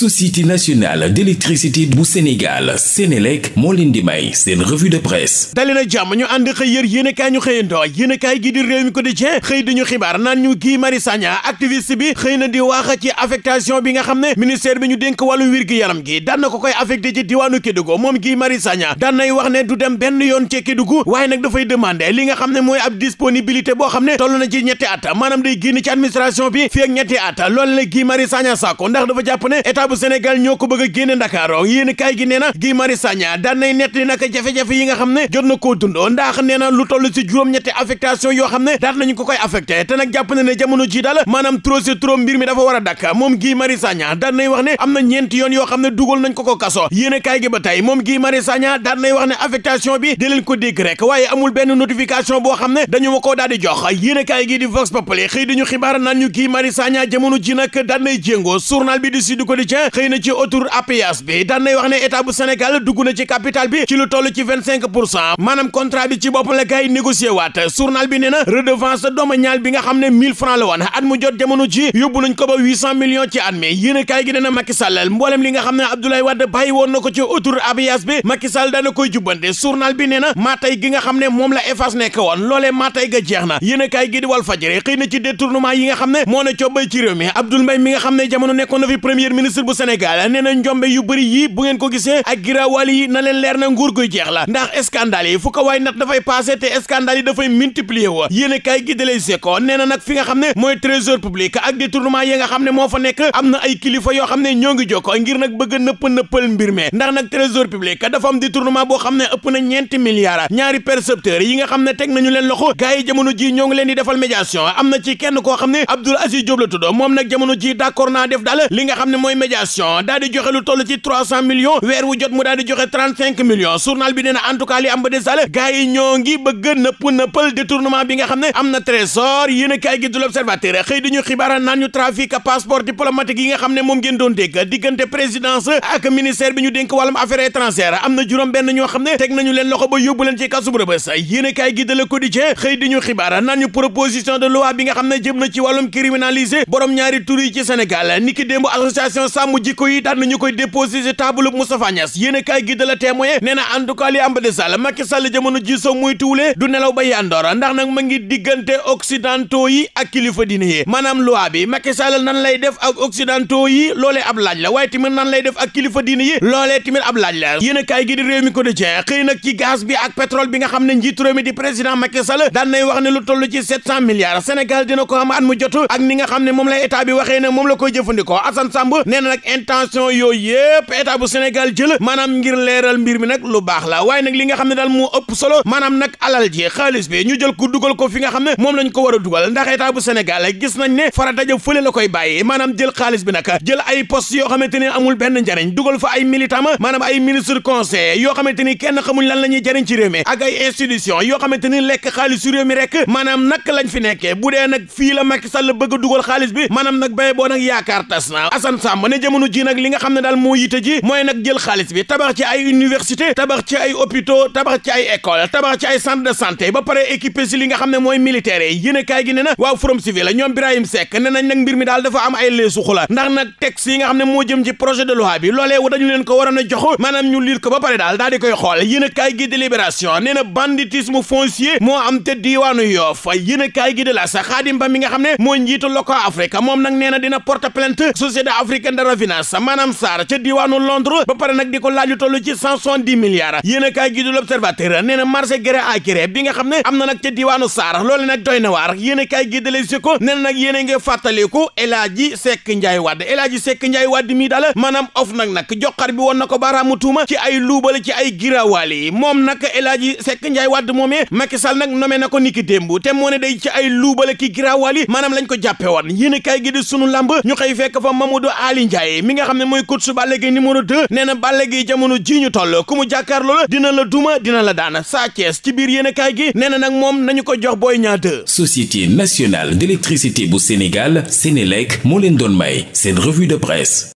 société nationale d'électricité bu Sénégal Sénélec moo leen di may seen revue de presse dali na jàmm ñu ànd xëy yër yéen a kaay ñu xëyandoo yéen a kaay gi réew mi quotidien xëy dañu xibaar naan ñu Guy Marius Sagna activiste bi xëy na di ci affectation bi nga xam ne ministère bi ñu dénk wàllu wér gi yaram gi daan na ko koy affecté ci diwaanu Kédougou moom Guy Marius Sagna daan wax ne du dem benn yoon ci Kédougou waaye nag dafay demander li nga xam ne mooy ab disponibilité boo xam ne toll na ci ñetti at maanaam day génn ci administration bi fii ak ñetti at loolu la Guy bu Sénégal ñoo ko bëgg génne Ndakaaru yéen kaay gi nee na Guy Marius Sagna daan nay nett li nag jafe-jafe yi nga xam ne jot na koo dund ndax nee na lu toll ci juróom-ñetti affectation yoo xam ne daan nañu ko koy affecté te nag jàpp na ne jamono ji daal maanaam trop c'est trop mbir mi a dakk moom Guy Marius Sagna daan wax ne am na ñeenti yoon yoo xam ne dugal nañ ko ko kaso yéen kaay gi ba tey moom Guy Marius Sagna daan nay wax ne affectation bi di leen ko dégg waaye amul benn notification boo xam ne dañu ma koo daal di jox yéen kaay gi di Vox Populi xëy diñu xibaar naan ñu Guy Marius Sagna jamono ji nag daan nay jéngoo bi di Sud Quotidien quotidien xëy na ci autour APS bi daan wax ne état bu dugg na ci capital bi ci lu toll ci vingt cinq bi ci boppam la kay négocier waat journal bi nee na redevance dooma ñaal bi nga xam ne mille francs la woon at mu jot yóbbu nañ ko ba huit ci at mi yéen gi nee na Macky Sall mboolem li nga xam ne Abdoulaye Wade bàyyi woon na ko ci autour APS bi Macky Sall koy jubbante journal bi nee na maatay gi nga xam ne moom la EFAS nekk woon loolee bu Sénégal nee njombe yu bëri yi bu ngeen ko gisee ak giraawaal yi na leen leer na nguur guy jeex la ndax scandale fu ko waay dafay passé te scandale yi dafay wa yéen a kaay gi dalee seko nee nag fi nga xam ne mooy trésor public ak détournement yi nga xam ne moo fa nekk am na ay kilifa yoo xam ne ñoo ngi jokkoo ngir nag bëgg nëpp nëppal mbir mi ndax nag trésor public dafa am détournement boo xam ne ëpp na ñeenti milliards ñaari percepteurs yi nga xam ne teg nañu leen loxo gars yi jamono communication daal joxe lu toll ci millions weer wu jot mu daal joxe trente cinq millions journal bi nee na am ba des daal ñoo ngi bëgg nëpp nëppal détournement bi nga xam ne am na trésor yéen a l'observateur xëy di ñu xibaara naan ñu trafic passeport diplomatique yi nga xam ne moom ngeen doon dégg diggante présidence ak ministère bi ñu dénk wàllum affaires étrangères am na juróom benn ñoo xam ne teg nañu leen loxo ba yóbbu leen ci kasub rëbës sàmm jikko yi daan nañu koy déposé ci table Moustapha Niass yéene kaay gi de la témoin nee na en tout cas li am ba de sall Macky Sall jamono ji soo muy tuulee du nelaw ba yandoor ndax nag ma ngi diggante occidentaux yi ak kilifa diine yi maanaam loi bi Macky Sall nan lay def ak occidentaux yi loolee ab laaj la waaye tamit nan lay def ak kilifa diine yi loolee tamit ab laaj la yéene kaay gi di réew mi ko de cee xëy nag ci bi ak pétrole bi nga xam ne njiitu di président Macky Sall daan nay wax ne lu toll ci sept cent milliards Sénégal dina am ne moom lay état bi waxee ne moom la koy jëfandikoo Assane Samb nee nag intention yooyu yëpp état bu Sénégal jël maanaam ngir leeral mbir mi nag lu baax la waaye nag li nga xam ne daal moo ëpp solo maanaam nag alal ji xaalis bi ñu jël ko dugal ko fi nga xam ne moom lañ ko war a dugal ndax état bu Sénégal gis nañ ne farata ja fële la koy bàyyi maanaam jël xaalis bi nag jël ay poste yoo xamante ni amul benn njariñ dugal fa ay militant ma maanaam ay ministre conseil yoo xamante ni kenn xamuñ lan la ñuy jariñ ci réew mi ak ay institution yoo xamante ni lekk xaalis su réew mi rek maanaam nag lañ fi nekkee bu dee nag fii la Macky Sall bëgg a xaalis bi maanaam nag béy boo yaakaar jamono ji nag li nga xam ne daal moo yite ji mooy nag jël xaalis bi tabax ci ay université tabax ci ay hôpitaux tabax ci ay école tabax ci ay centre de santé ba pare équipé li nga xam ne mooy militaire yi yéen kaay gi ne na waaw Forum Civil la ñoom Birahim sek ne nañ nag mbir mi daal dafa am ay leesu xula ndax nag texte yi nga xam ne moo jëm ci projet de loi bi loolee dañu leen ko waroon a jox maanaam ñu liir ko ba pare daal daal di koy xool yéen a kaay gi de Libération nee na banditisme foncier moo am te diiwaanu Yoff yéen a kaay gi de la sa Ba mi nga xam ne moo njiitu Loka moom nag nee na dina porte plainte société africaine la finance maanaam Sarr ca diwaanu Londres ba pare nag di ko laaj lu ci cent soixante-dix milliards yéen a kaay gi du l'Observateur nee na bi nga xam ne am nag ca diwaanu Sarr loole nag doy na waar yéen a kaay gi de Les Échos nag yéen a ngi fàttaliku El Hadji Seck Ndiaye Wade El Hadji Seck Ndiaye Wade of nag nag joxar bi woon na ko baaraamu tuuma ci ay luubal ci ay girawaali moom nag El Hadji Seck Ndiaye Wade moomee Macky nag nommé na ko a Ndiaye mi nga xam ne mooy coach su Balla Gaye numéro 2 nee na Balla Gaye jamono jiiñu ñu toll ku mu jàkkaarloo dina la duma dina la daana Sa ci biir yéenekaay gi nee na nag moom nañu ko jox Boy Niang 2. Société nationale d'électricité bu Sénégal Sénélec moo leen doon may seen revue de presse.